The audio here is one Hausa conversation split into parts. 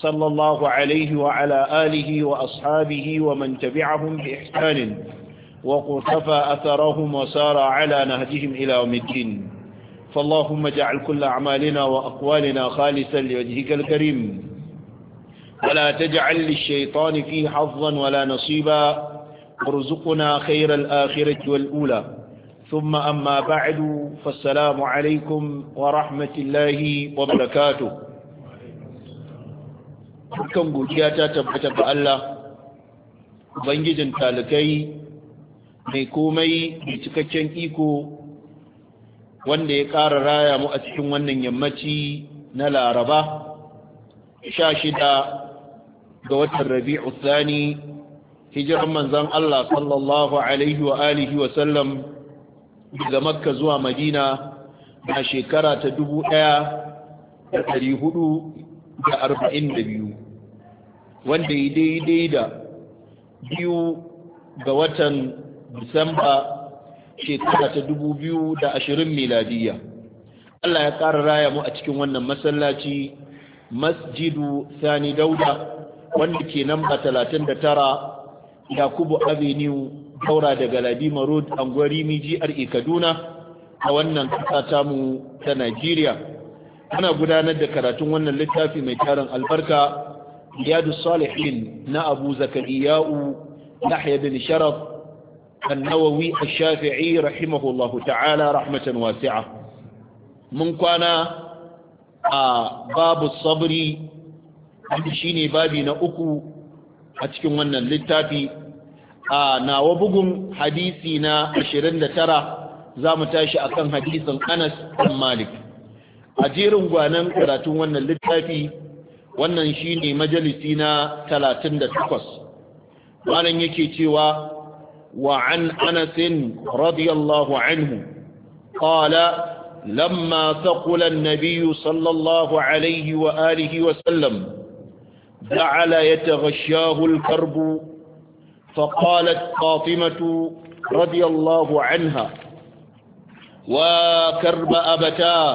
صلى الله عليه وعلى آله وأصحابه ومن تبعهم بإحسان وقتفى أثرهم وسار على نهجهم إلى يوم الدين فاللهم اجعل كل أعمالنا وأقوالنا خالصا لوجهك الكريم ولا تجعل للشيطان فيه حظا ولا نصيبا ارزقنا خير الآخرة والأولى ثم أما بعد فالسلام عليكم ورحمة الله وبركاته dukkan godiya ta tabbata ga Allah ubangijin talakai mai komai mai cikakken iko wanda ya ƙara raya mu a cikin wannan yammaci na laraba sha shida ga watan rabi'u Sani, hijiran manzan Allah sallallahu alaihi wa alihi wa sallam daga makka zuwa madina na shekara ta dubu ɗaya da ɗari hudu da arba'in da biyu wanda ya daidai da biyu ga watan disamba shekara ta dubu biyu da ashirin miladiyya Allah ya ƙara raya mu a cikin wannan masallaci masjidu sani dauda wanda ke namba talatin da tara yakubu avenue daura daga ladima road angwari mijiyar e, kaduna a wannan ƙasa tamu ta najeriya ana gudanar da karatun wannan littafi mai tarin albarka riyadu salihin na abu zakariya'u yahya bin sharaf annawawi ash-shafi'i rahimahullahu ta'ala rahmatan wasi'a mun kwana a babu sabri shine babi na uku a cikin wannan littafi a nawa bugun hadisi na 29 za mu tashi akan hadisin Anas bin Malik a jerin gwanan karatun wannan littafi wannan shine majalisi na 38 malan yake cewa wa an Anas radiyallahu anhu qala لما ثقل النبي صلى الله عليه وآله وسلم جعل يتغشاه الكرب فقالت فاطمة رضي الله عنها وكرب أبتاه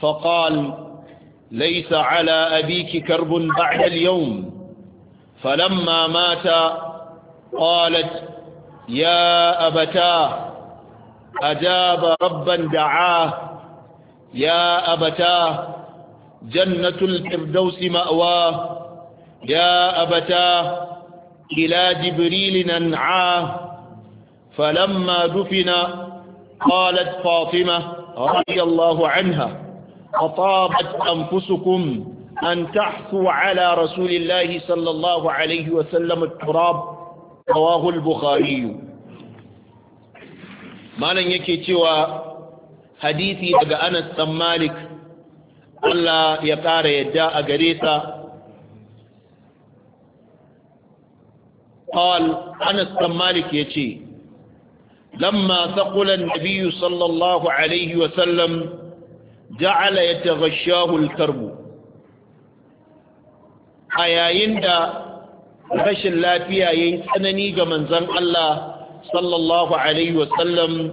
فقال ليس على أبيك كرب بعد اليوم فلما مات قالت يا أبتاه أجاب ربا دعاه يا أبتاه جنة الفردوس مأواه يا أبتاه إلى جبريل ننعاه فلما دفن قالت فاطمة رضي الله عنها أطابت أنفسكم أن تحثوا على رسول الله صلى الله عليه وسلم التراب رواه البخاري ما لن يكي تيوى حديثي لقى أنس بن مالك الله يقار يداء قريسا قال أنس بن مالك يتي لما ثقل النبي صلى الله عليه وسلم ja'ala yataghashahu al-karbu a yayin da rashin lafiya yayin tsanani ga manzon Allah sallallahu alaihi wasallam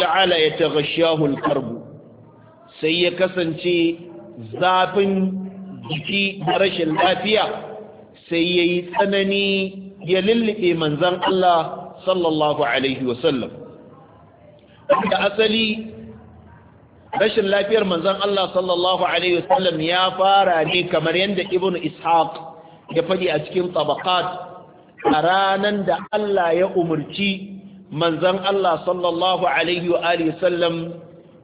ja'ala yataghashahu al-karbu sai ya kasance zafin jiki da rashin lafiya sai yayi tsanani ya lullube manzon Allah sallallahu alaihi wasallam da asali rashin lafiyar manzan Allah sallallahu alaihi wasallam ya fara ne kamar yadda ibnu ishaq ya faɗi a cikin tabakat a ranan da Allah ya umarci manzon Allah sallallahu alaihi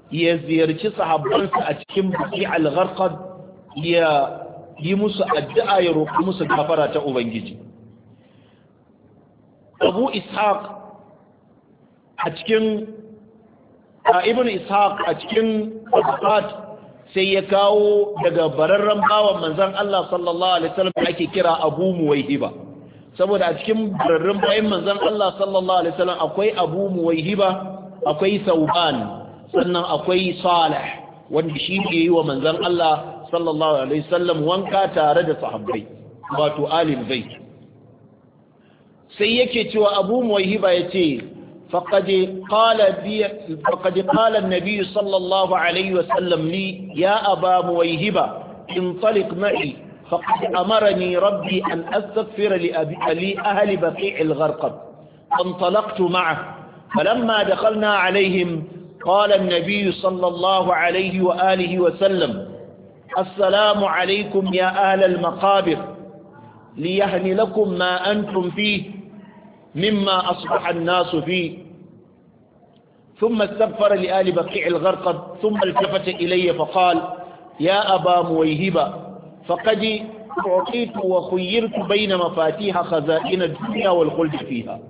ya ziyarci sahabbansa a cikin buki al ya yi musu addu'a ya roƙi musu gafara ta ubangiji Abu Ishaq a cikin ibn ishaq a cikin tabbat sai ya kawo daga bararren bawan Manzan Allah sallallahu alaihi wasallam ake kira Abu Muwayhiba saboda a cikin bararren bayan Manzan Allah sallallahu alaihi wasallam akwai Abu Muwayhiba akwai Sauban sannan akwai Salih wanda shi ne yi wa Manzan Allah sallallahu alaihi wasallam wanka tare da sahabbai wato alil bait sai yake cewa Abu Muwayhiba yace فقد قال بي فقد قال النبي صلى الله عليه وسلم لي يا أبا مويهبة انطلق معي فقد أمرني ربي أن أستغفر لأبي أهل بقيع الغرقب فانطلقت معه فلما دخلنا عليهم قال النبي صلى الله عليه وآله وسلم السلام عليكم يا أهل المقابر ليهن لكم ما أنتم فيه مما أصبح الناس فيه ثم استغفر لآل بقيع الغرقد ثم التفت إلي فقال يا أبا مويهبة فقد أعطيت وخيرت بين مفاتيح خزائن الدنيا والخلد فيها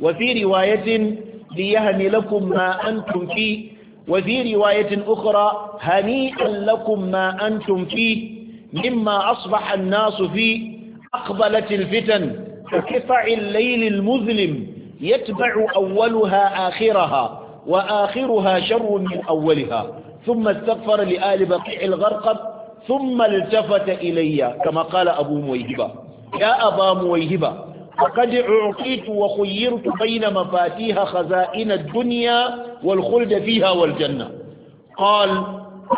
وفي رواية ليهن لكم ما أنتم فيه وفي رواية أخرى هنيئا لكم ما أنتم فيه مما أصبح الناس فيه أقبلت الفتن كقطع الليل المظلم يتبع أولها آخرها وآخرها شر من أولها ثم استغفر لآل بقيع الغرقب ثم التفت إلي كما قال أبو مويهبة يا أبا مويهبة فقد أعطيت وخيرت بين مفاتيح خزائن الدنيا والخلد فيها والجنة قال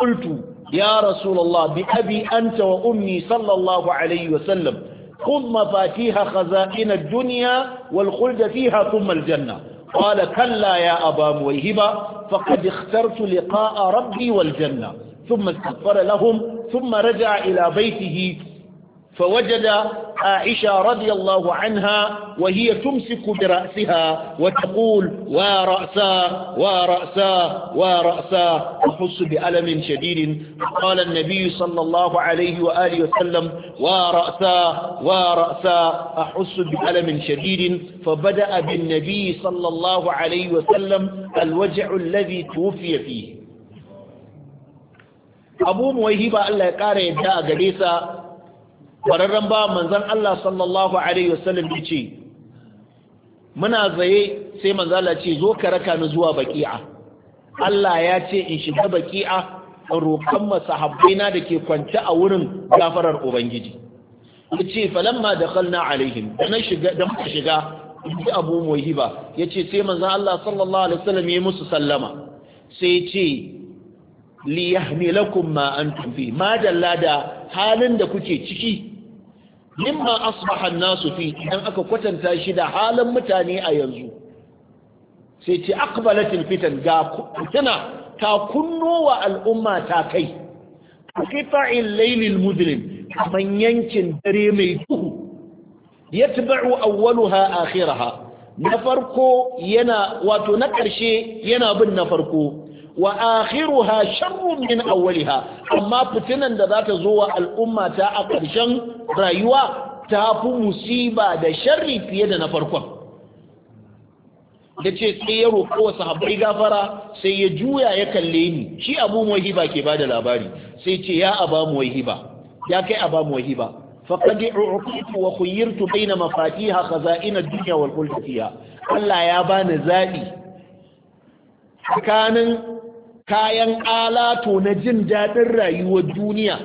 قلت يا رسول الله بأبي أنت وأمي صلى الله عليه وسلم خذ مفاتيح خزائن الدنيا والخلد فيها ثم الجنة قال كلا يا أبا مويهبة فقد اخترت لقاء ربي والجنة ثم استغفر لهم ثم رجع إلى بيته فوجد عائشة رضي الله عنها وهي تمسك برأسها وتقول ورأسا ورأسا ورأسا تحس بألم شديد قال النبي صلى الله عليه وآله وسلم ورأسا ورأسا أحس بألم شديد فبدأ بالنبي صلى الله عليه وسلم الوجع الذي توفي فيه أبو مويهبة الله يقارئ جاء قديسا kwararren ba manzan Allah sallallahu Alaihi wasallam ya ce muna zaye sai manzala ce zo ka raka ni zuwa baki'a Allah ya ce in shiga baki'a in roƙon masahabbaina da ke kwance a wurin gafarar Ubangiji ya ce falamma da kalna alaihim da na shiga muka shiga ji abu ba. ya ce sai manzan Allah sallallahu Alaihi wasallam ya musu sallama sai ce liyahmilakum ma antum ma dalla da halin da kuke ciki mimma asbaha nasu fi idan aka kwatanta shi da halin mutane a yanzu sai ce aqbalatil fitan ga tana ta kunno wa al'umma ta kai qita'il laylil mudlim kaman yankin dare mai duhu yatba'u awwaluha akhiraha na farko yana wato na karshe yana bin na farko wa akhiruha sharrun min awwaliha amma fitinan da za ta zo wa al'umma ta a ƙarshen rayuwa ta fi musiba da sharri fiye da na farkon da ce sai ya roƙo wa sahabbai gafara sai ya juya ya kalle ni shi abu muwahiba ke ba da labari sai ce ya aba muwahiba ya kai aba muwahiba faqad wa khuyirtu baina mafatiha khaza'in ad-dunya wal Allah ya bani zabi tsakanin kayan ƙalato na jin daɗin rayuwar duniya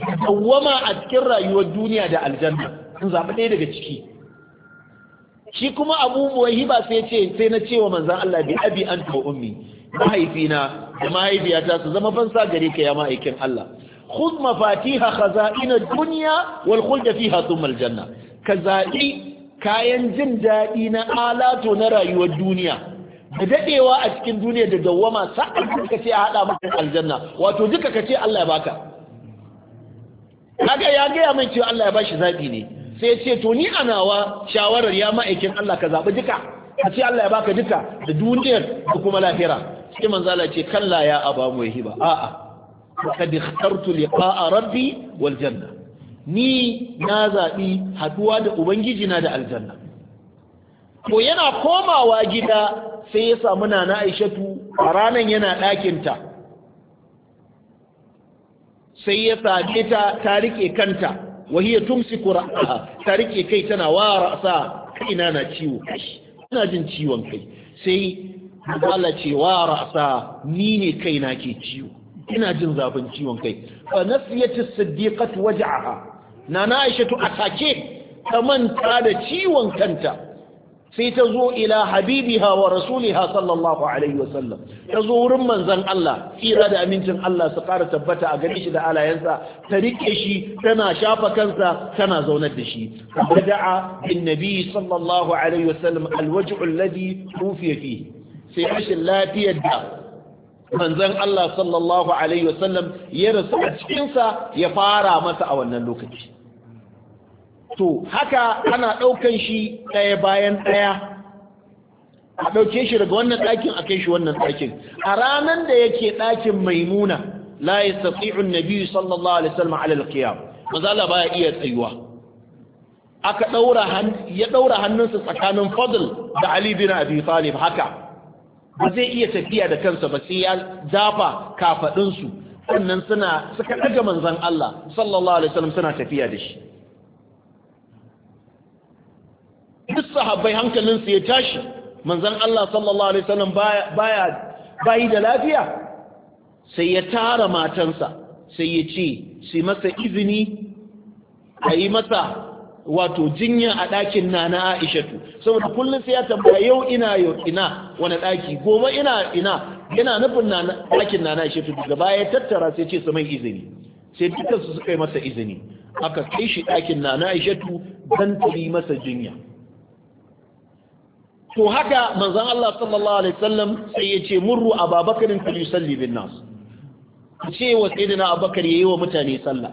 da dawwama a cikin rayuwar duniya da aljanna sun zaɓi ɗaya daga ciki shi kuma abubuwan hiba sai ce sai na cewa manzan Allah bi abi an ta ummi mahaifina da mahaifiyata su zama fansa gare ka ya ma'aikin Allah khudh mafatiha khaza'in ad-dunya wal khuld fiha thumma al-janna ka zaɓi kayan jin daɗi na alato na rayuwar duniya da dadewa a cikin duniya da dawwama sa'an ka ce a hada maka aljanna wato duka ka ce Allah ya baka kaga ya gaya mai cewa Allah ya bashi zabi ne sai ya ce to ni a nawa shawarar ya ma'aikin Allah ka zabi duka Ka ce Allah ya baka duka da duniyar da kuma lahira sai manzo Allah ce kalla ya aba mu hiba a'a kad ikhtartu liqa'a rabbi wal janna ni na zabi haduwa da ubangiji na da aljanna to yana komawa gida sai ya samu nana aishatu a ranar yana ɗakinta sai ya same ta ta rike kanta wahiyar tumsi kura'aha ta rike kai tana wara sa kaina na ciwo ina jin ciwon kai sai Allah ce wara sa ni ne kaina ke ciwo ina jin zafin ciwon kai fa nasiyatu siddiqatu waj'aha nana aishatu a sake ta manta da ciwon kanta sai ta zo ila habibiha wa rasuliha sallallahu alaihi wasallam ta zo wurin manzon Allah tsira da amincin Allah su ƙara tabbata a gare shi da alayensa ta rike shi tana shafa kansa tana zaunar da shi bada'a bin nabi sallallahu alaihi wasallam alwaj'u alladhi rufiya fihi sai rashin lafiyar da manzon Allah sallallahu alaihi wasallam ya rasu a cikinsa ya fara masa a wannan lokaci to haka ana ɗaukan shi ɗaya bayan ɗaya a ɗauke shi daga wannan ɗakin a kai shi wannan ɗakin a ranar da yake ɗakin maimuna la yastati'u an-nabi sallallahu alaihi wasallam ala al-qiyam maza Allah baya iya tsayuwa aka ɗaura ya ɗaura hannunsa tsakanin Fadl da Ali bin Abi Talib haka ba zai iya tafiya da kansa ba sai ya zafa kafaɗunsu, sannan suna suka manzon Allah sallallahu alaihi sallam suna tafiya da shi duk sahabbai hankalinsu ya tashi manzan Allah sallallahu alaihi wasallam baya bayi da lafiya sai ya tara matansa sai ya ce su masa izini a yi masa wato jinya a ɗakin na na aishatu saboda kullum sai ya tambaya yau ina yau ina wani ɗaki goma ina ina yana nufin ɗakin na na aishatu daga baya ya tattara sai ce su mai izini sai dukansu suka yi masa izini aka kai shi ɗakin na na aishatu don ta masa jinya to haka manzon Allah sallallahu alaihi wasallam sai ya ce murru a Babakarin yusalli bin nas ce wa sayyidina abubakar yayi wa mutane sallah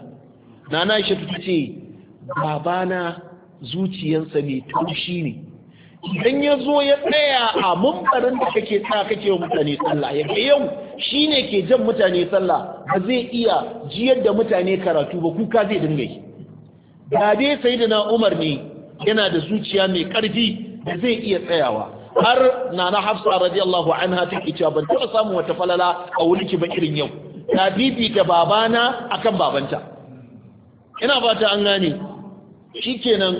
nana shi ta ce babana zuciyansa mai taushi ne idan ya zo ya tsaya a mumbarin da kake sa, kake wa mutane sallah ya ga yau shine ke jan mutane sallah ba zai iya jiyar da mutane karatu ba kuka zai dinga yi da dai sayyidina Umar ne yana da zuciya mai karfi da zai iya tsayawa har nana hafsa radiyallahu anha take cewa ban taɓa samun wata falala a wurin ba irin yau ta bibita babana akan babanta ina fata an gane shikenan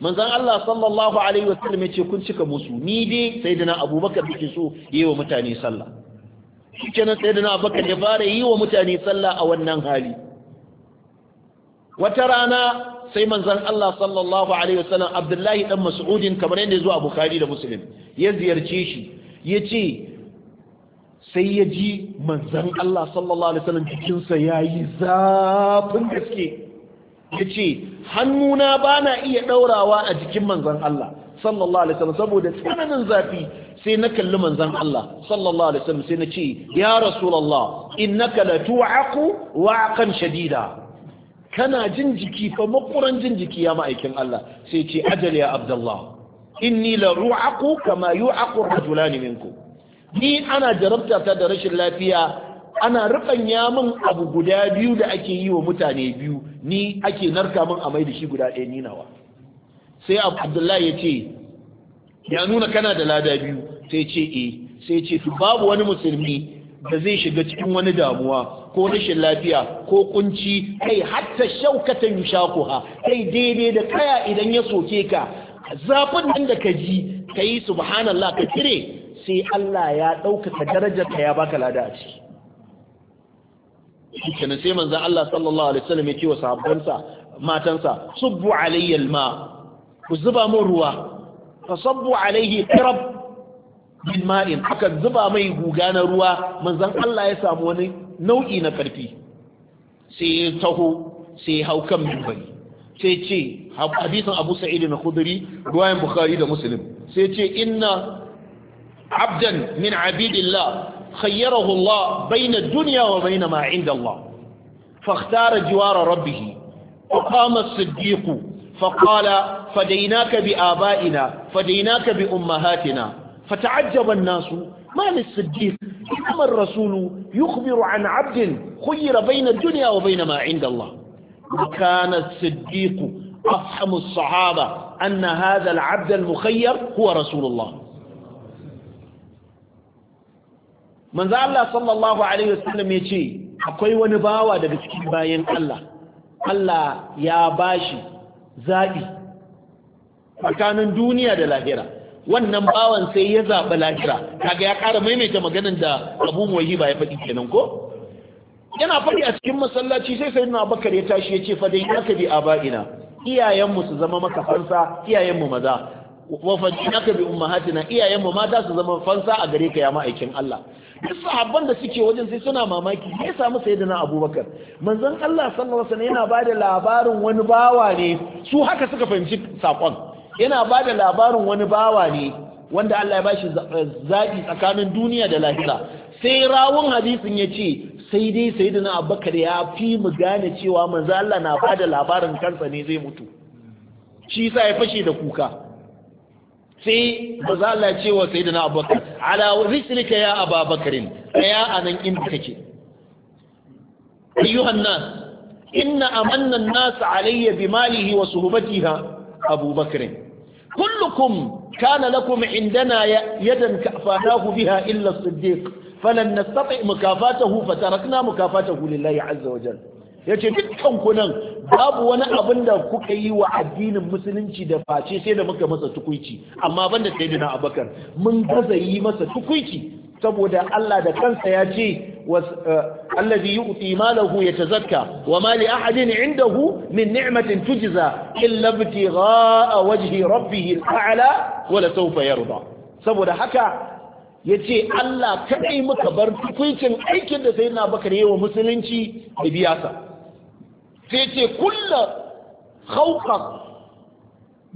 manzon Allah sallallahu alaihi wasallam ya ce kun cika musu ni dai sayyidina Abubakar yake so yayi wa mutane sallah shikenan sayyidina Abubakar ya fara yi wa mutane sallah a wannan hali wata rana sai manzan Allah sallallahu alaihi wasallam Abdullahi dan Mas'udin kamar yadda zuwa Bukhari da Muslim ya ziyarce shi Ya ce sai ya ji manzan Allah sallallahu alaihi wasallam Jikinsa ya yi zafin gaske Ya ce hannuna bana iya ɗaurawa a jikin manzan Allah sallallahu alaihi wasallam saboda tsananin zafi sai na kalli manzan Allah sallallahu alaihi wasallam sai na ce ya rasulullah innaka la tu'aqu wa'qan shadida kana jin jiki fa makuran jin jiki ya ma'aikin Allah sai ce ajal ya abdullah inni la ru'aqu kama yu'aqu rajulan minku ni ana jarabta ta da rashin lafiya ana rubanya min abu guda biyu da ake yi wa mutane biyu ni ake narka min a mai da shi guda ɗaya ni nawa sai abdullahi ya ce ya nuna kana da lada biyu sai ce eh sai ce babu wani musulmi da zai shiga cikin wani damuwa ko rashin lafiya ko kunci kai hatta shaukatan yushaquha kai daidai da kaya idan ya soke ka zafin nan da ka ji yi subhanallah ka kire sai Allah ya ɗaukaka darajar ka ya baka lada a ciki kenan sai manzon Allah sallallahu alaihi wasallam ya wa sahabbansa matansa subbu alayya alma ku zuba min ruwa fasabbu alayhi qirab min ma'in aka zuba mai guga na ruwa manzan Allah ya samu wani nau'i na karfi sai ya taho sai ya hau kan mimbari sai ce hadisin Abu Sa'id na Khudri ruwayan Bukhari da Muslim sai ce inna abdan min abidillah خيره الله بين الدنيا jiwara ما عند الله فاختار جوار ربه وقام الصديق فقال فديناك بآبائنا bi بأمهاتنا فتعجب الناس ما للصديق إنما الرسول يخبر عن عبد خير بين الدنيا وبين ما عند الله وكان الصديق أفهم الصحابة أن هذا العبد المخير هو رسول الله من ذا الله صلى الله عليه وسلم يتي أقوي ونباوة دقسكين باين الله الله يا باشي زائي فكان الدنيا دلاهرة wannan bawan sai ya zaɓi lahira kaga ya ƙara maimaita maganin da abu muwayi ba ya faɗi kenan ko yana faɗi a cikin masallaci sai sai na bakar ya tashi ya ce fa dai ka bi ba'ina. iyayenmu su zama maka fansa iyayenmu maza wa ka bi ummahatina iyayenmu mata su zama fansa a gare ka ya ma'aikin Allah duk sahabban da suke wajen sai suna mamaki me ya samu na Abubakar manzon Allah sallallahu alaihi wasallam yana da labarin wani bawa ne su haka suka fahimci sakon yana ba da labarin wani bawa ne wanda Allah ya ba shi eh, zaɓi tsakanin duniya da lahira sai rawun hadisin ya ce sai dai sai da na abubakar ya fi mu gane cewa manzo Allah na ba da labarin kansa ne zai mutu shi sa ya fashe da kuka sai manzo Allah ce wa sai da na abubakar ala rislika ya ababakarin ya a nan inda kake ayyuhan nas inna amanna an-nas alayya malihi wa suhbatiha abubakarin كلكم كان لكم عندنا يدا كفاناه بها إلا الصديق فلن نستطع مكافاته فتركنا مكافاته لله عز وجل yace dukkan ku nan babu wani abin da kuka yi wa addinin musulunci da face sai da muka masa tukuici amma banda sayyidina abakar mun gaza yi masa tukuici saboda Allah da kansa ya ce uh, allazi yu'ti malahu yatazakka wa ma li ahadin indahu min ni'matin tujza illa ibtigha'a wajhi rabbihi al'ala wa la sawfa yarda saboda haka yace Allah kadai muka bar tukuncin aikin da sayyidina Bakar yayi wa musulunci da biyasa sai yace kullu khawqa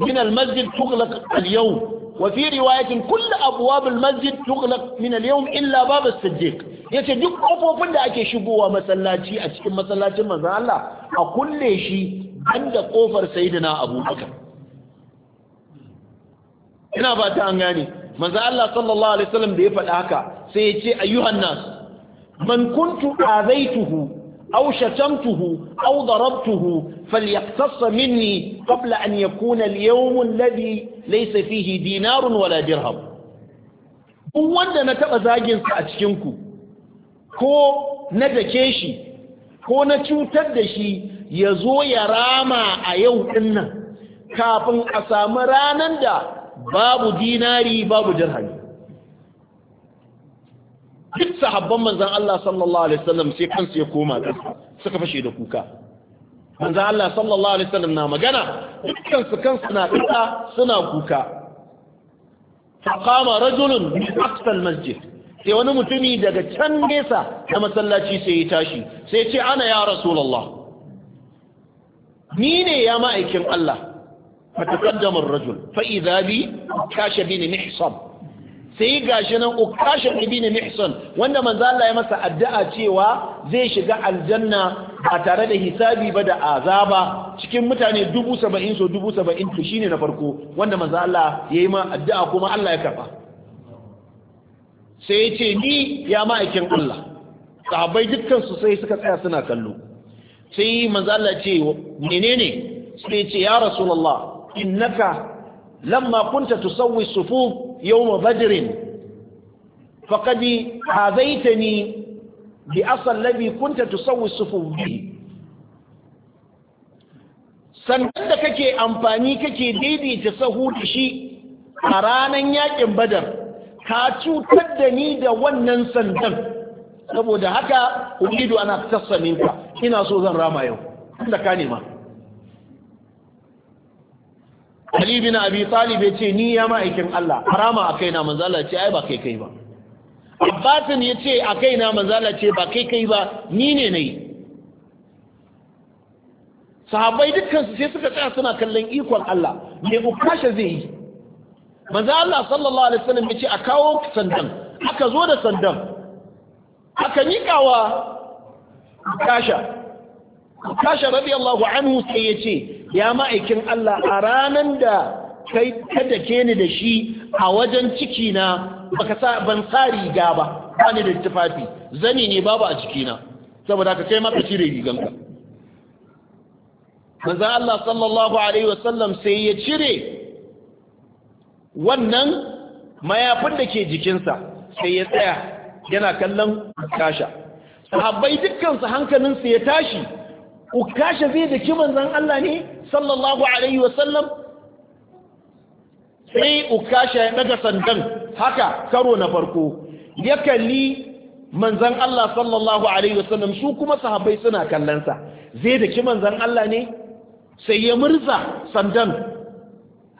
min al-masjid tughlaq al-yawm وفي رواية كل أبواب المسجد تغلق من اليوم إلا باب الصديق yace duk kofofin da ake shigowa masallaci a cikin masallacin manzon Allah a kulle shi banda kofar sayyidina Abu Bakar ina ba ta an gane manzon Allah sallallahu alaihi wasallam da ya faɗa haka sai ya ce ayyuhan nas man kuntu azaituhu أو شتمته أو ضربته فليقتص مني قبل أن يكون اليوم الذي ليس فيه دينار ولا درهم wanda na taɓa zaginsa a cikinku ko na dake shi ko na cutar da shi ya zo ya rama a yau ɗinnan kafin a sami ranar da babu dinari babu dirhami duk sahabban manzan Allah sallallahu alaihi wasallam sai kansu ya koma ƙasa suka fashe da kuka manzan Allah sallallahu alaihi wasallam na magana dukkan kansu na ƙasa suna kuka kama rajulun min masjid sai wani mutumi daga can nesa na masallaci sai ya tashi sai ce ana ya rasulullah ni ne ya ma'aikin Allah fataqaddama ar-rajul fa idha bi kashabini mihsab sai gashi nan ukashin ibini mihsan wanda manzo Allah ya masa addu'a cewa zai shiga aljanna ba tare da hisabi ba da azaba cikin mutane 70 so 70 to shine na farko wanda manzo Allah yayi ma addu'a kuma Allah ya karba sai ya ce ni ya ma'aikin Allah sahabbai dukkan su sai suka tsaya suna kallo sai manzo Allah ce menene sai ya ce ya rasulullah innaka lamma kunta tusawwi sufuf يوم بدر فقد عاذيتني بأصل الذي كنت تسوي الصفوف به sannan da kake amfani kake daidaita sahu da shi a ranar yakin badar ka cutar da ni da wannan sandan saboda haka ubidu ana tassa ina so zan rama yau da ka nema Ali bin Abi Talib yace ni ya ma'aikin Allah harama a kaina manzo Allah ce ai ba kai kai ba Abbasin yace a kaina manzo Allah ce ba kai kai ba ni ne nayi sahabbai dukkan su sai suka tsaya suna kallon ikon Allah me ukasha zai yi manzo Allah sallallahu alaihi wasallam yace a kawo sandan aka zo da sandan aka nikawa ukasha ukasha radiyallahu anhu sai yace ya ma'aikin Allah a ranan da kai kada ke ni da shi a wajen ciki na baka sa ban sa riga ba ba da tufafi zani ne babu a ciki na saboda ka kai maka cire riganka manzo Allah sallallahu alaihi wasallam sai ya cire wannan mayafin da ke jikinsa sai ya tsaya yana kallon kasha sahabbai dukkan su hankalinsu ya tashi ukasha zai da ki manzan Allah ne sallallahu alaihi wasallam sai ukasha ya daga sandan haka karo na farko ya kalli manzan Allah sallallahu alaihi wasallam su kuma sahabbai suna kallansa zai da manzan Allah ne sai ya murza sandan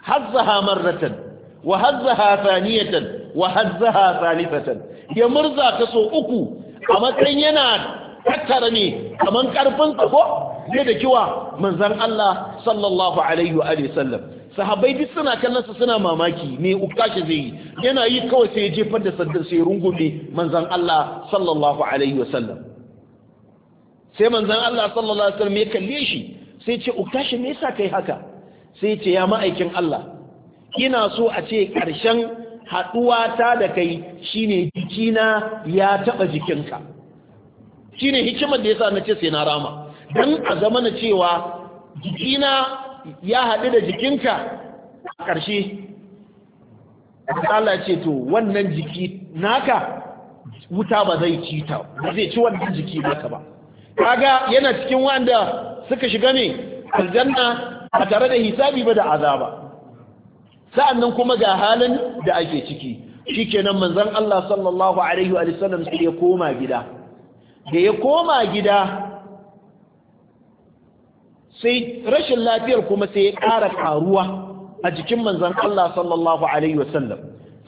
hazzaha marratan wa hazzaha thaniyatan wa hazzaha thalithatan ya murza ta so uku a matsayin yana tattara ne kamar karfin ko zai da kiwa manzon Allah sallallahu alaihi wa sallam sahabbai duk suna kallon sa suna mamaki me ukashi zai yi yana yi kawai sai ya jefar da saddar sai rungume manzon Allah sallallahu alaihi wa sallam sai manzon Allah sallallahu alaihi wa sallam ya kalle shi sai ce ukashi me yasa kai haka sai ce ya ma'aikin Allah ina so a ce ƙarshen haɗuwata ta da kai shine jikina ya taɓa jikinka shine hikimar da yasa na ce sai na rama don a zama na cewa jikina ya haɗu da jikinka a ƙarshe Allah ce to wannan jiki naka wuta ba zai ci ta ba zai ci wannan jiki naka ba kaga yana cikin wanda suka shiga ne aljanna a tare da hisabi ba da azaba Sa'an nan kuma ga halin da ake ciki shikenan manzon Allah sallallahu alaihi wa sallam sai ya koma gida da ya koma gida sai rashin lafiyar kuma sai ya ƙara ƙaruwa a jikin manzan Allah sallallahu Alaihi wasallam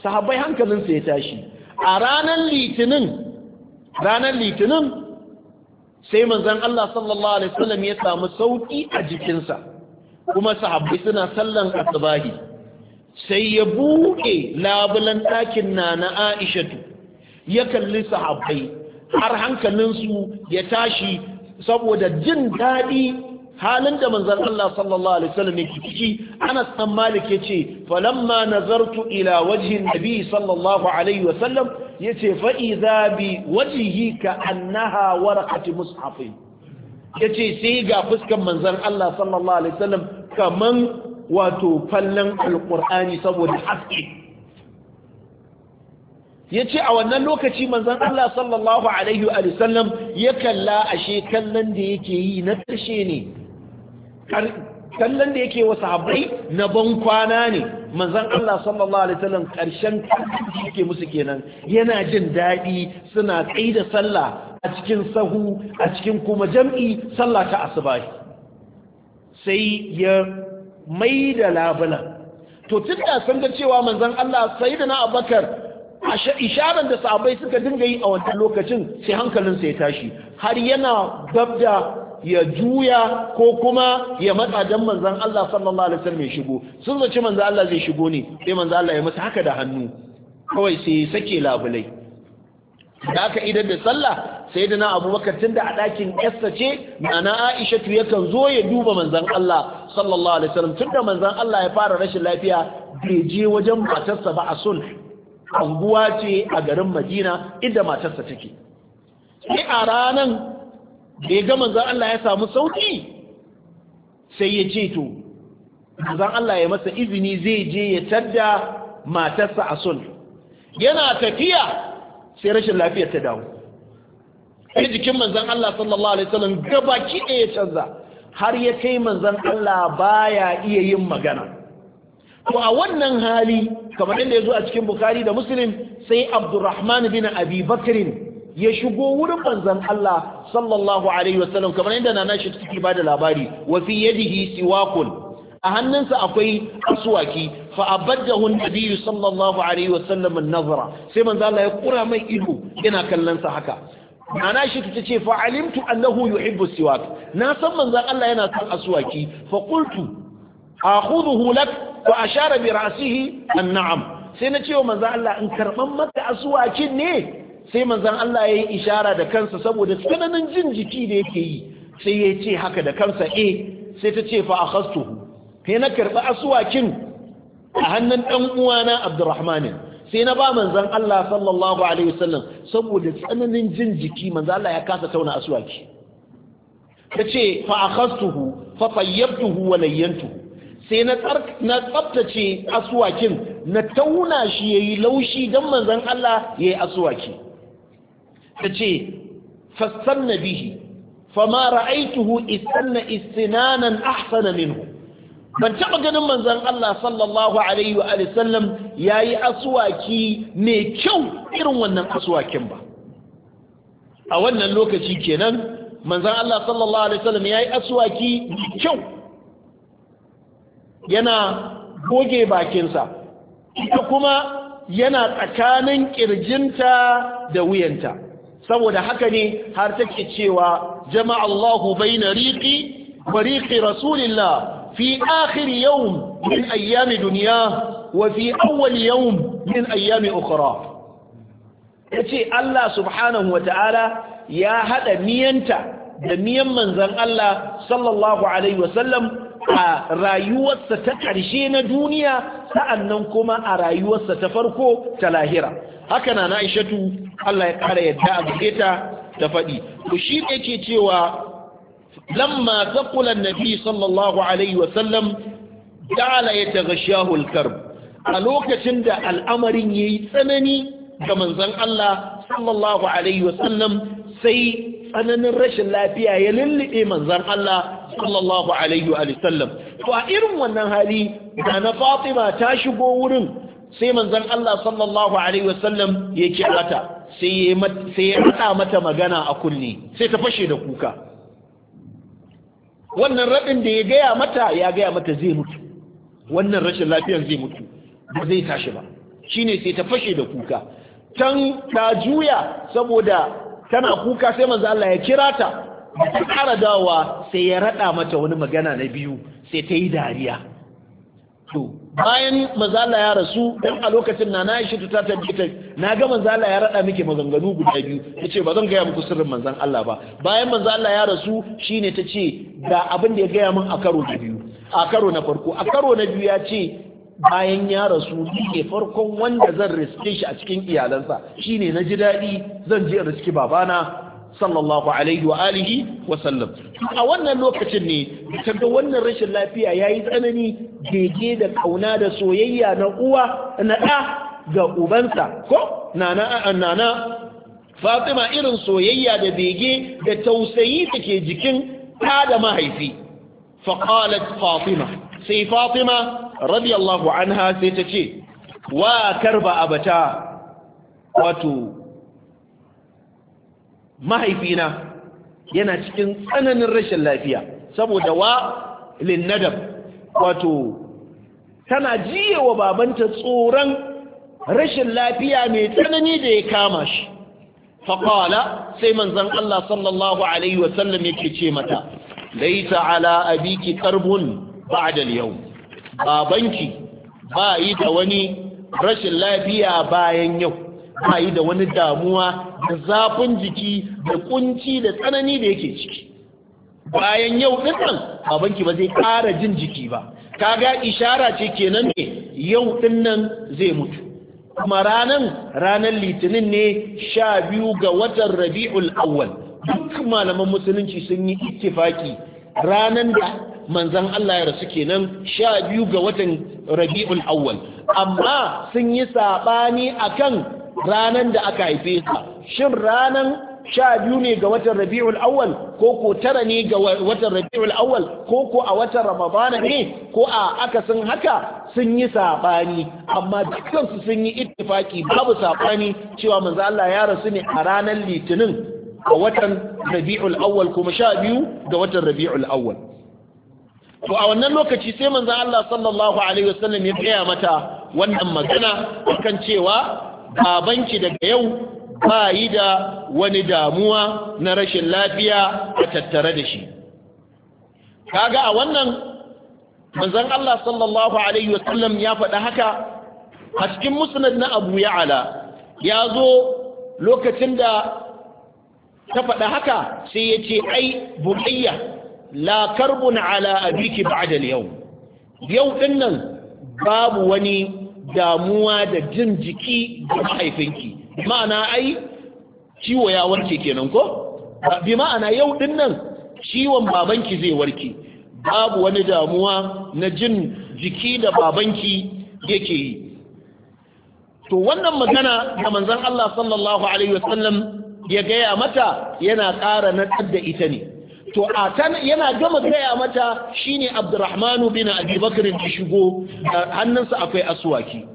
sahabbai hankalinsa ya tashi a ranar litinin ranar litinin sai manzan Allah sallallahu Alaihi wasallam ya samu sauƙi a jikinsa kuma sahabbai suna sallan asibahi sai ya buɗe labulan ɗakin na na aishatu ya kalli sahabbai har hankalinsu ya tashi saboda jin daɗi halin da manzan Allah sallallahu alaihi wasallam yake ciki Anas dan Malik yace falamma nazartu ila wajihin nabi sallallahu alaihi wasallam yace fa idza bi wajhihi ka annaha waraqat Ya yace sai ga fuskan manzan Allah sallallahu alaihi wasallam kaman wato fallan alƙur'ani saboda haske ya ce a wannan lokaci manzan Allah sallallahu Alaihi wasallam ya kalla ashe kallon da yake yi na ne kallon da yake wasu habai na ban kwana ne manzan Allah sallallahu Alaihi wasallam karshen kallon yake musu kenan yana jin daɗi suna tsaye da sallah a cikin sahu a cikin kuma jam'i sallah ta asuba sai ya mai da labulan to tun da san ga cewa manzan Allah sai da na abakar isharar da sahabbai suka dinga yi a wancan lokacin sai hankalinsa ya tashi har yana gabda ya juya ko kuma ya matsa don manzan Allah sallallahu alaihi wasallam ya shigo sun zaci manzon Allah zai shigo ne sai manzon Allah ya masa haka da hannu kawai sai ya sake labulai da aka idan da sallah sai da na abu tun da a ɗakin yasta ce ma'ana aisha tu yakan zo ya duba manzan Allah sallallahu alaihi wasallam tun da manzan Allah ya fara rashin lafiya bai je wajen matarsa ba a sulh anguwa ce a garin madina inda matarsa take sai a ranan da ya gama zan Allah ya samu sauki sai ya ce to zan Allah ya masa izini zai je ya tadda matarsa a sun? yana tafiya sai rashin lafiyar ta dawo sai jikin manzan Allah sallallahu alaihi wasallam gaba ɗaya ya canza har ya kai manzan Allah baya iya yin magana to a wannan hali kamar inda ya zo a cikin bukari da muslim sai abdurrahman bin abi ya shigo wurin manzon Allah sallallahu alaihi wasallam kamar yadda nana shi ba da labari wa yadihi siwakun a hannunsa akwai aswaki fa abadahu nabiyyu sallallahu alaihi wasallam an-nazara sai manzon Allah ya kura mai ido yana kallon sa haka mana shi ta ce fa alimtu annahu yuhibbu siwak na san manzon Allah yana son aswaki fa qultu akhudhuhu lak fa ashara bi ra'sihi an'am sai na cewa Allah in karban maka asuwakin ne sai manzon Allah yayi ishara da kansa saboda tsananin jin jiki da yake yi sai ya ce haka da kansa eh sai ta ce fa akhastuhu sai na karbi asuwakin a hannun dan uwana Abdurrahman sai na ba manzon Allah sallallahu alaihi wasallam saboda tsananin jin jiki manzon Allah ya kasa tauna asuwaki ta ce fa akhastuhu fa tayyabtuhu wa layyantuhu sai na tsabtace asuwakin na tauna shi ya yi laushi don manzan Allah ya yi asuwaki ta ce fassan na bihi fama ra'aituhu istanna istinanan ahsana minhu ban taɓa ganin manzan Allah sallallahu alaihi ya yi asuwaki mai kyau irin wannan asuwakin ba a wannan lokaci kenan manzan Allah sallallahu alaihi ya yi asuwaki mai kyau yana goge bakinsa ita kuma yana tsakanin kirjinta da wuyanta saboda haka ne har take cewa jama'a Allahu baina riƙi, wa riƙi, rasulillah fi akhir yawm min ayyam duniya! wa fi awwal yawm min ayyam ukhra yace Allah subhanahu ta'ala ya hada miyanta da miyan manzon Allah sallallahu alaihi wasallam a rayuwarsa ta ƙarshe na duniya sa'annan kuma a rayuwarsa ta farko ta lahira haka na na'ishatu Allah ya ƙara yadda a buɗe ta ta faɗi to shi ne ke cewa lamma taqulan nabi sallallahu alaihi wa sallam da'ala yataghashahu al-karb a lokacin da al'amarin yayi tsanani ga manzon Allah sallallahu alaihi wa sallam sai tsananin rashin lafiya ya lullube manzon Allah sallallahu alaihi wa sallam to a irin wannan hali da na Fatima ta shigo wurin sai manzon Allah sallallahu alaihi wa sallam ya kira ta sai ya rada mata magana a kunne sai ta fashe da kuka wannan radin da ya gaya mata ya gaya mata zai mutu wannan rashin lafiyar zai mutu ba zai tashi ba shine sai ta fashe da kuka Tan ta juya saboda tana kuka sai manzo Allah ya kira ta ta ƙara dawa sai ya raɗa mata wani magana na biyu sai ta yi dariya to bayan mazala ya rasu don a lokacin na na shi ta tabbatar, na ga manzala ya raɗa miki maganganu guda biyu ta ce ba zan gaya muku sirrin manzan Allah ba bayan manzala ya rasu shine ta ce ga abin da ya gaya min a karo na biyu a karo na farko a karo na biyu ya ce bayan ya rasu ne farkon wanda zan riske shi a cikin iyalansa shi ne na ji daɗi zan je in riski babana sallallahu alaihi wa alihi wa sallam a wannan lokacin ne kaga wannan rashin lafiya yayi tsanani gege da kauna da soyayya na uwa na da ga ubansa ko nana nana Fatima irin soyayya da bege da tausayi da ke jikin ta da mahaifi faqalat Fatima sai Fatima radiyallahu anha sai ta ce wa karba abata wato mahaifina yana cikin tsananin rashin lafiya saboda wa linnadab wato tana jiyewa babanta tsoron rashin lafiya mai tsanani da ya kama shi faƙala sai manzan Allah sallallahu Alaihi wasallam yake ce mata laita ala abiki karbun ba'adal yau babanki ba yi da wani rashin lafiya bayan yau ba yi da wani damuwa da zafin jiki da kunci da tsanani da yake ciki bayan yau dinnan babanki ba zai ƙara jin jiki ba Ka ga ishara ce kenan ne yau dinnan zai mutu kuma ranan ranar litinin ne sha biyu ga watan rabi'ul awwal duk malaman musulunci sun yi ittifaki ranan da manzan Allah ya rasu kenan sha biyu ga watan rabi'ul awwal amma sun yi saɓani akan ranan da aka haife ka shin ranan sha biyu ne ga watan rabi'ul awwal ko ko tara ne ga watan rabi'ul awwal ko ko a watan ramadana ne ko a aka akasin haka sun yi sabani amma dukkan su sun yi ittifaki babu sabani cewa manzo Allah ya rasu ne a ranar litinin a watan rabi'ul awwal kuma sha biyu ga watan rabi'ul awwal to a wannan lokaci sai manzo Allah sallallahu alaihi wasallam ya saya mata wannan magana kan cewa babanki daga yau ba yi da wani damuwa na rashin lafiya a tattare da shi kaga a wannan manzon Allah sallallahu alaihi wasallam ya faɗa haka a cikin musnad na Abu ya zo lokacin da ta faɗa haka sai ya ce ai buɗayya la karbun ala abiki ba'da yau. yau yau ɗinnan babu wani damuwa da jin jiki da mahaifinki ma'ana ai ciwo ya warke kenan ko bi ma'ana yau din nan ciwon babanki zai warke babu wani damuwa na jin jiki da babanki yake yi to wannan magana da manzon Allah sallallahu alaihi wasallam ya gaya mata yana ƙara natsar da ita ne to a yana gama gaya mata shine abdurrahmanu bin abi bakr da shigo hannunsa akwai aswaki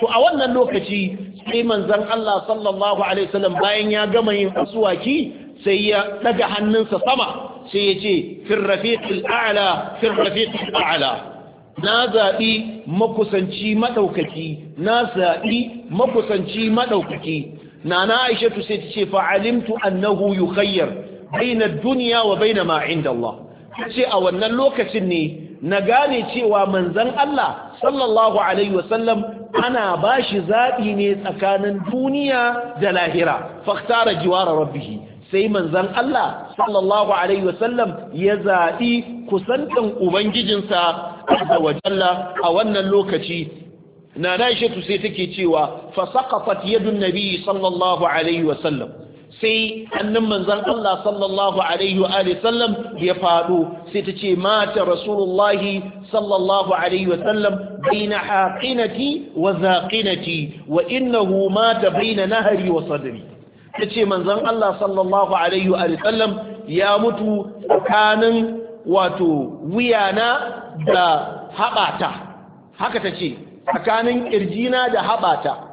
to a wannan lokaci sai manzon Allah sallallahu alaihi wasallam bayan ya gama yin aswaki sai ya daga hannunsa sama sai ya ce fir rafiqil a'la fir rafiqil a'la na zaɓi makusanci maɗaukaki na zaɓi makusanci maɗaukaki na na aishatu sai ta ce fa'alimtu annahu yukhayyar baina duniya wa baina ma inda Allah ce a wannan lokacin ne na gane cewa manzon Allah sallallahu alaihi wasallam ana shi zaɓi ne tsakanin duniya da lahira faktara jiwara rabbih sai manzon Allah sallallahu alaihi wasallam ya zaɓi kusantan ubangijinsa azza wa a wannan lokaci na na sai take cewa fasakafat saqafat yadun nabi sallallahu alaihi wasallam sai hannun manzan Allah sallallahu alaihi wa sallam ya faɗo sai ta ce mata rasulullahi sallallahu alaihi wa sallam baina haqinati wa zaqinati wa innahu mata baina nahari wa sadri tace manzan Allah sallallahu alaihi wa sallam ya mutu tsakanin wato wuyana da haɓata haka tace tsakanin kirjina da haɓata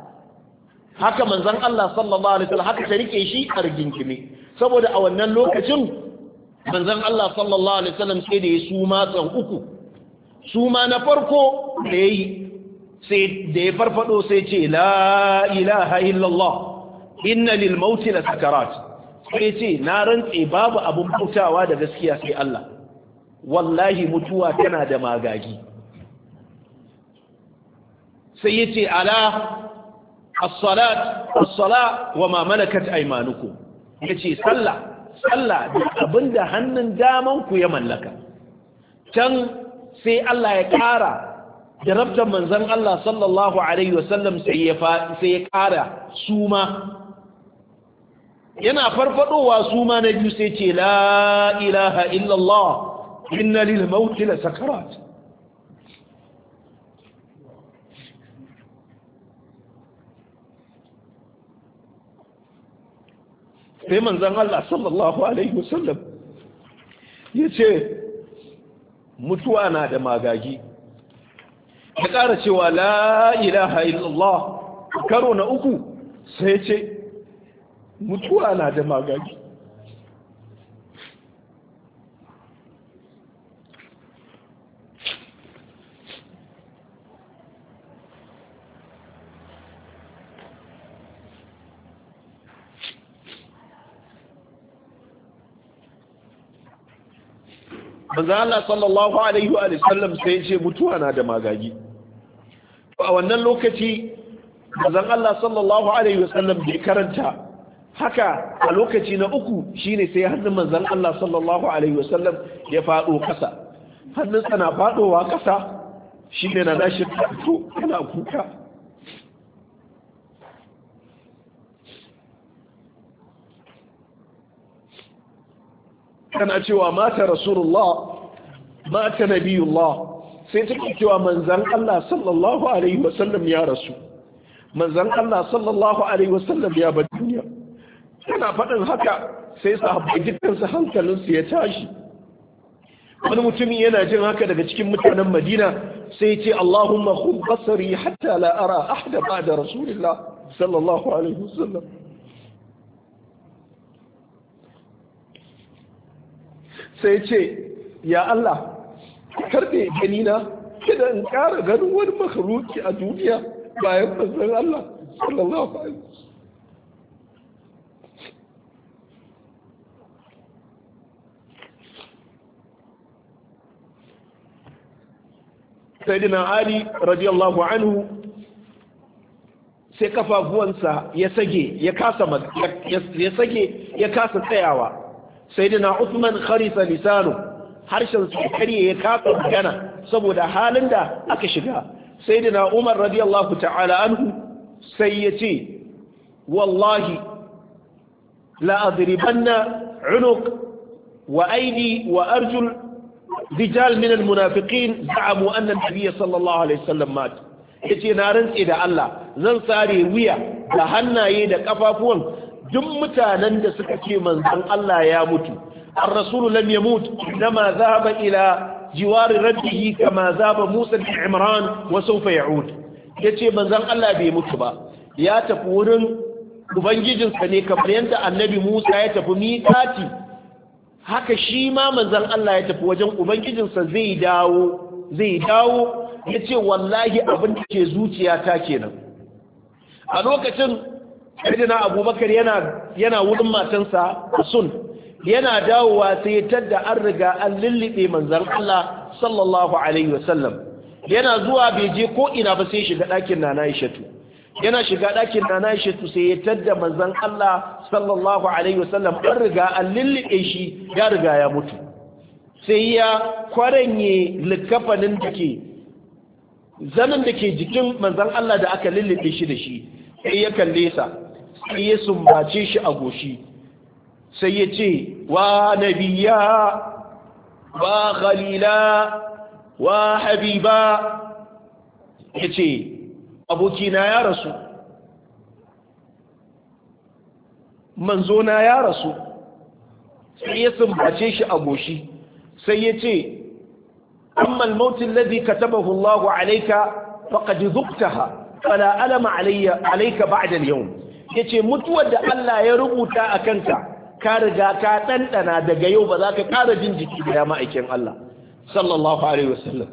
haka manzon Allah sallallahu alaihi wasallam haka ta rike shi a rigingime saboda a wannan lokacin manzon Allah sallallahu alaihi wasallam sai da ya suma tsan uku suma na farko da yayi sai da ya farfado sai ce la ilaha illallah inna lil mauti la sakarat sai ce na rantse babu abun mutawa da gaskiya sai Allah wallahi mutuwa tana da magagi sai yace ala as-salat as-sala wa ma malakat aymanukum yace sallah sallah da abinda hannun daman ku ya mallaka can sai Allah ya ƙara da rabtar manzon Allah sallallahu alaihi wasallam sai ya sai ya ƙara suma yana farfadowa suma na biyu sai ce la ilaha illallah inna lil mauti la sakarat sai manzan Allah sallallahu alaihi wasallam ya ce mutuwa na da magagi ya ƙara cewa la ilaha illallah karo na uku sai ce mutuwa na da magagi manzo Allah sallallahu alaihi wa sallam sai ce mutuwa na da magagi to a wannan lokaci manzo Allah sallallahu alaihi wa sallam bai karanta haka a lokaci na uku shine sai hannun manzo Allah sallallahu alaihi wa sallam ya fado kasa sa na fadowa kasa shine na dashi to yana kuka tana cewa mata rasulullah mata nabiyullah sai take cewa manzan Allah sallallahu alaihi wasallam ya rasu manzan Allah sallallahu alaihi wasallam ya bar duniya tana faɗin haka sai sahabbai dukkan su hankalin su ya tashi wani mutumin yana jin haka daga cikin mutanen Madina sai ya ce Allahumma khudh basari hatta la ara ahada ba'da rasulillah sallallahu alaihi wasallam sai ce ya Allah karbe gani na kida in ƙara ganin wani makaruki a duniya bayan manzon Allah sallallahu alaihi Sayyidina Ali radiyallahu anhu sai kafafuwansa ya sage ya kasa tsayawa dina Uthman kharifa lisanu harshen su kare ya kafa magana saboda halin da aka shiga dina Umar radiyallahu ta'ala anhu sai ya ce wallahi la adribanna unuq wa aidi wa arjul rijal min almunafiqin za'amu anna sallallahu alaihi wasallam mat yace na rantse da Allah zan sare wuya da hannaye da kafafuwan duk mutanen da suka ce manzon Allah ya mutu an rasulu lam ma za ba ila jiwari rabbihi kama ba Musa da Imran wa sawfa ya yace manzon Allah bai mutu ba ya tafi wurin ubangijinsa ne kamar yadda annabi Musa ya tafi miƙati haka shi ma manzon Allah ya tafi wajen ubangijinsa zai dawo zai dawo yace wallahi abin da ke zuciya ta kenan a lokacin sayyidina abubakar yana yana wurin matansa sun yana dawowa sai tadda an riga an lullube manzon Allah sallallahu alaihi wasallam yana zuwa bai je ko ina ba sai shiga ɗakin nana Aishatu yana shiga ɗakin nana Aishatu sai ya tadda manzon Allah sallallahu alaihi wasallam an riga an lullube shi ya riga ya mutu sai ya kwarenye likafanin da ke zanen jikin manzon Allah da aka lullube shi da shi sai ya kalle sa sai ya sumbace shi a goshi sai ya ce wa nabiya wa khalila wa habiba ya ce abokina ya rasu manzona ya rasu sai ya sumbace shi a goshi sai ya ce amma almautin ladhi katabahu Allahu alayka faqad ha. fala alama alayya alayka ba'da al-yawm yace mutuwar da Allah ya rubuta a kanka ka riga ka ɗanɗana daga yau ba za ka ƙara jin jiki da ya ma'aikin Allah sallallahu alaihi wasallam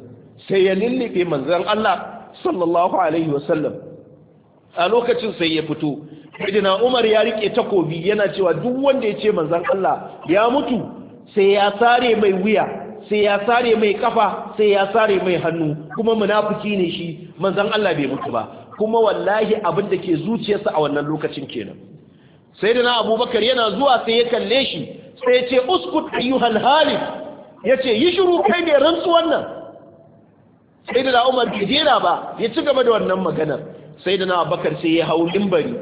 sai ya lullube manzon Allah sallallahu alaihi wasallam a lokacin sai ya fito Sayyidina Umar ya riƙe takobi yana cewa duk wanda ya ce manzon Allah ya mutu sai ya sare mai wuya sai ya sare mai kafa sai ya sare mai hannu kuma munafuki ne shi manzon Allah bai mutu ba kuma wallahi abin da ke zuciyarsa a wannan lokacin kenan sai da na abubakar yana zuwa sai ya kalle shi sai ya ce uskut ayyuhal halif ya ce yi shiru kai ne rantsu wannan. sai da na umar bai jera ba ya ci gaba da wannan maganar sai da na abubakar sai ya hau mimbari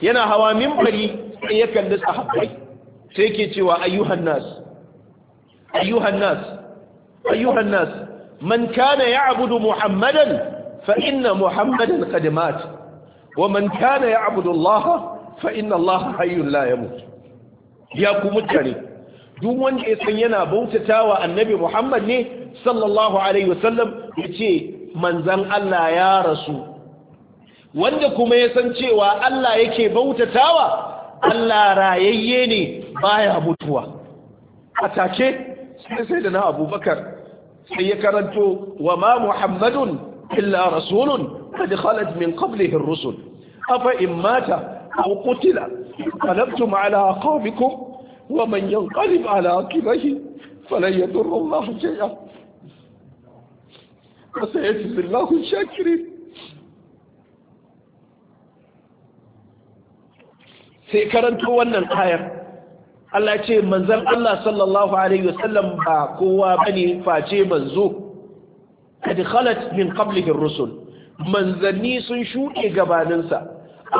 yana hawa mimbari sai ya kalli sahabbai sai ke cewa ayyuhan nas ayyuhan nas ayyuhan nas man kana Abudu muhammadan فإن محمدا قد مات ومن كان يعبد الله فإن الله حي لا يموت يا duk wanda ya san yana bautatawa annabi Muhammad ne sallallahu alaihi wasallam yace manzan Allah ya rasu wanda kuma ya san cewa Allah yake bautatawa Allah rayayye ne baya mutuwa a take sai sai na Abubakar sai ya karanto wama Muhammadun إلا رسول قد خلت من قبله الرسل أفإن مات أو قتل انقلبتم على أعقابكم ومن ينقلب على عقبه فلن يضر الله شيئا وسيجزي الله الشاكرين sai karanto wannan ayar الله ce manzon الله صلى الله عليه وسلم kowa بني فاجي manzo kad khalat min qablihi rusul manzanni sun shuɗe gabaninsa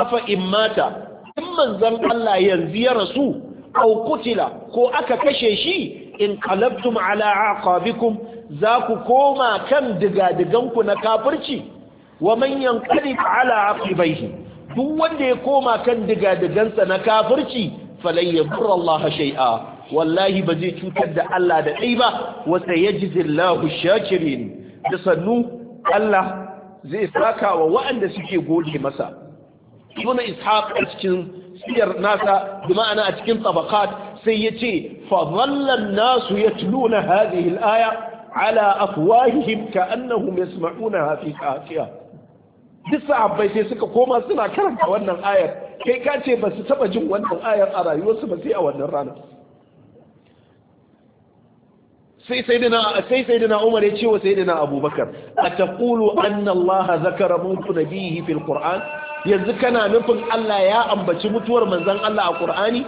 afa in mata in manzan Allah yanzu ya rasu au kutila ko aka kashe shi in qalabtum ala aqabikum za ku koma kan digadiganku na kafirci wa manyan yanqalib ala aqibaihi duk wanda ya koma kan digadigansa na kafirci falan yadurra Allah shay'a wallahi ba zai cutar da Allah daɗai ba wa sayajzi Allahu shakirin da sannu Allah zai saka wa waɗanda suke goge masa ibn ishaq a cikin siyar nasa bi ma'ana a cikin tabaqat sai yace fa dhalla an-nasu yatluna hadhihi al-aya ala afwahihim ka'annahum yasma'unaha fi kafiya duk sahabbai sai suka koma suna karanta wannan ayar kai ka ce ba su taba jin wannan ayar a rayuwarsu ba sai a wannan ranar sai sayyidina Umar ya ce wa sayyidina Abubakar ataqulu anna Allah zakara mutu nabihi fil Qur'an yanzu kana nufin Allah ya ambaci mutuwar manzon Allah a Qur'ani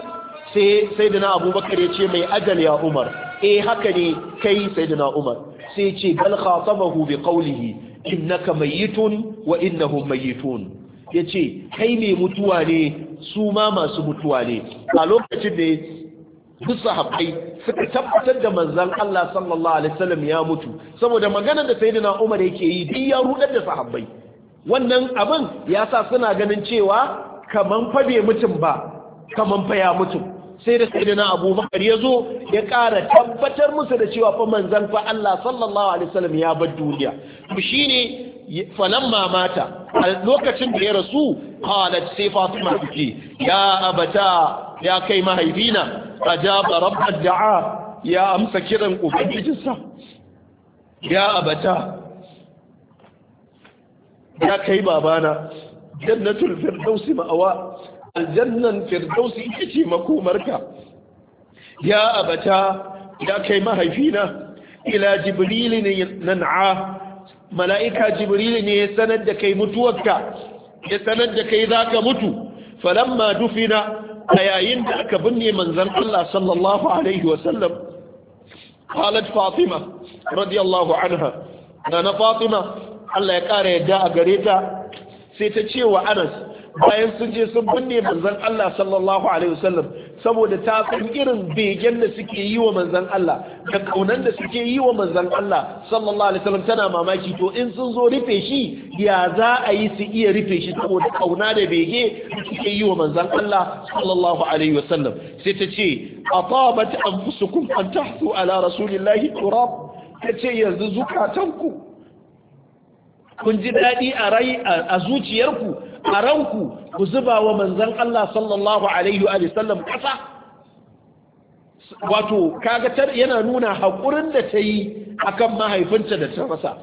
sai sayyidina Abubakar ya ce mai ajal ya Umar eh haka ne kai sayyidina Umar sai ce bal khatabahu bi qawlihi innaka mayyitun wa innahum mayyitun yace kai ne mutuwa ne su ma masu mutuwa ne a lokacin da duk sahabbai suka tabbatar da manzon Allah sallallahu alaihi wasallam ya mutu saboda maganar da sayyidina Umar yake yi duk ya rudar da sahabbai wannan abin ya sa suna ganin cewa kaman fa bai mutum ba kaman fa ya mutu sai da sayyidina Abubakar ya zo ya ƙara tabbatar musu da cewa fa manzon fa Allah sallallahu alaihi wasallam ya bar duniya to shine falamma mamata a lokacin da ya rasu qalat sai Fatima ya abata ya kai mahaifina ajaba rabbad da'a ya amsa kiran ubangijinsa ya abata ya kai babana jannatul firdausi ma'awa aljannan firdausi ita ce makomarka ya abata ya kai mahaifina ila jibrili ne nan'a mala'ika jibrili ne ya sanar da kai mutuwarka ya sanar da kai zaka mutu falamma dufina a yayin da aka binne manzan Allah sallallahu alaihi wasallam fatima radiyallahu anha na fatima Allah ya ƙara yadda a gare ta sai ta ce wa Anas bayan sun je sun binne manzon Allah sallallahu alaihi wasallam saboda ta san irin begen da suke yi wa manzon Allah da kaunan da suke yi wa manzon Allah sallallahu alaihi wasallam tana mamaki to in sun zo rufe shi ya za a yi su iya rufe shi saboda kauna da bege suke yi wa manzon Allah sallallahu alaihi wasallam sai ta ce atabat anfusukum an tahsu ala rasulillahi turab ta ce yanzu zukatanku kun ji daɗi a rai a zuciyarku a ranku ku zuba wa manzan Allah sallallahu alaihi wa sallam ƙasa wato kagatar yana nuna haƙurin da ta yi a kan mahaifinta da ta rasa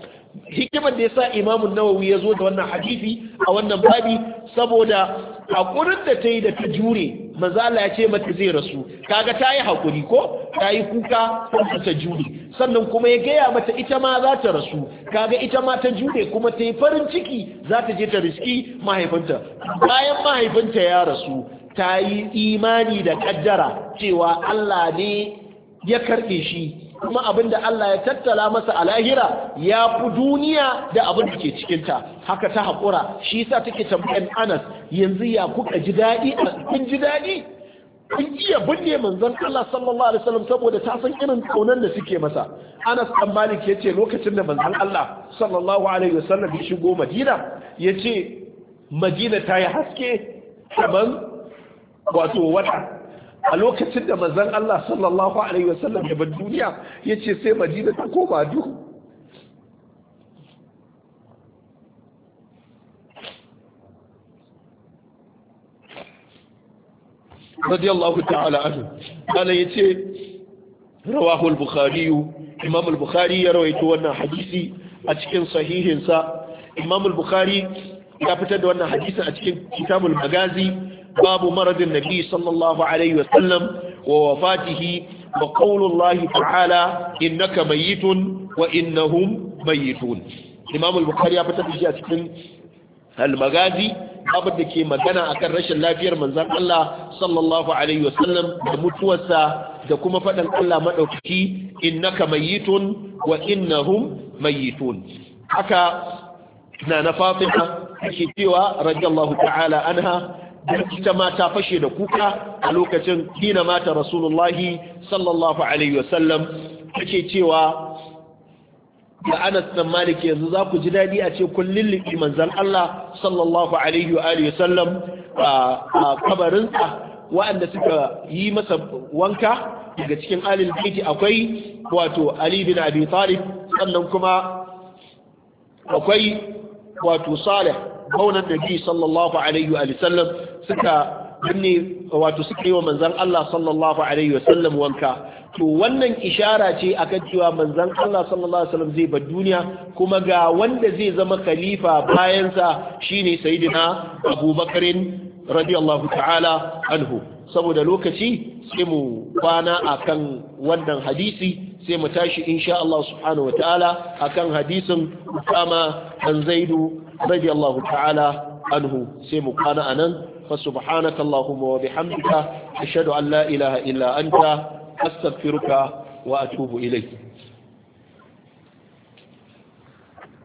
hikimar da yasa imamun nawawi ya zo da wannan hadisi a wannan babi saboda hakurin da ta yi da ta jure mazala ya ce mata zai rasu kaga ta yi hakuri ko ta yi kuka sun ta jure sannan kuma ya gaya mata ita ma za ta rasu kaga ita ma ta jure kuma ta yi farin ciki za ta je ta riski mahaifinta bayan mahaifinta ya rasu ta yi imani da kaddara cewa Allah ne ya karɓe shi kuma abin da Allah ya tattala masa a lahira ya fi duniya da abin da ke cikinta haka ta haƙura shi sa take tambayan anas yanzu ya kuka ji daɗi kun ji daɗi kun iya binne manzon Allah sallallahu alaihi wasallam saboda ta san irin kaunan da suke masa Anas dan Malik yace lokacin da manzon Allah sallallahu alaihi wasallam ya shigo Madina yace Madina ta yi haske kaman wato wata a lokacin da mazan Allah sallallahu alaihi wasallam ya bar duniya yace sai Madina ta koma duhu radiyallahu ta'ala anhu kana yace rawahu al-bukhari imam al-bukhari ya rawaito wannan hadisi a cikin sahihinsa Imamul bukhari ya fitar da wannan hadisi a cikin kitabul magazi babu maradin nabi sallallahu alaihi wasallam wa wafatihi wa qaulullahi ta'ala innaka mayyitun wa innahum mayyitun imam al-bukhari ya fitar da shi a cikin al-magazi babu da ke magana akan rashin lafiyar manzon Allah sallallahu alaihi wasallam da mutuwarsa da kuma faɗan Allah maɗaukaki innaka mayyitun wa innahum mayyitun haka na na Fatima take cewa radiyallahu ta'ala anha don ita ma ta fashe da kuka a lokacin hina mata rasulullahi sallallahu alaihi wasallam Ake cewa da anas dan malik yanzu za ku ji dadi a ce kun lullubi manzon Allah sallallahu alaihi wa alihi wasallam a kabarinsa waɗanda suka yi masa wanka daga cikin alil baiti akwai wato ali bin abi talib sannan kuma akwai wato salih maunan nabi sallallahu alaihi wa sallam suka binne wato suka yi wa manzan Allah sallallahu alaihi wa sallam wanka to wannan ishara ce akan cewa manzan Allah sallallahu alaihi wa sallam zai bar duniya kuma ga wanda zai zama khalifa bayan sa shine sayyidina Abu Bakr radiyallahu ta'ala anhu saboda lokaci sai mu kwana akan wannan hadisi sai mu tashi insha Allah subhanahu a akan hadisin Usama dan Zaidu radiyallahu ta'ala anhu sai mu kwana anan fa subhanaka allahumma wa bihamdika ashhadu an la ilaha illa anta astaghfiruka wa atubu ilayk